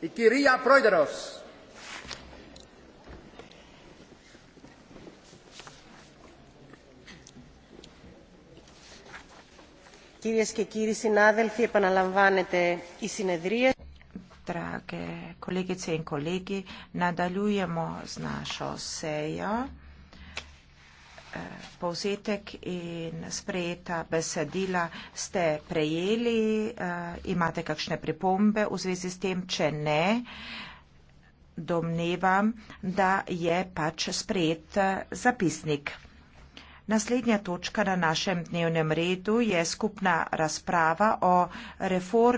Η κυρία Πρόεδρος. Κυρίες και κύριοι συνάδελφοι, επαναλαμβάνεται η συνεδρία. Tra che colleghi e colleghi, nadaluiamo snascio seia. Eh, povzetek in sprejeta besedila ste prejeli. Eh, imate kakšne pripombe v zvezi s tem? Če ne, domnevam, da je pač sprejet eh, zapisnik. Naslednja točka na našem dnevnem redu je skupna razprava o reformi.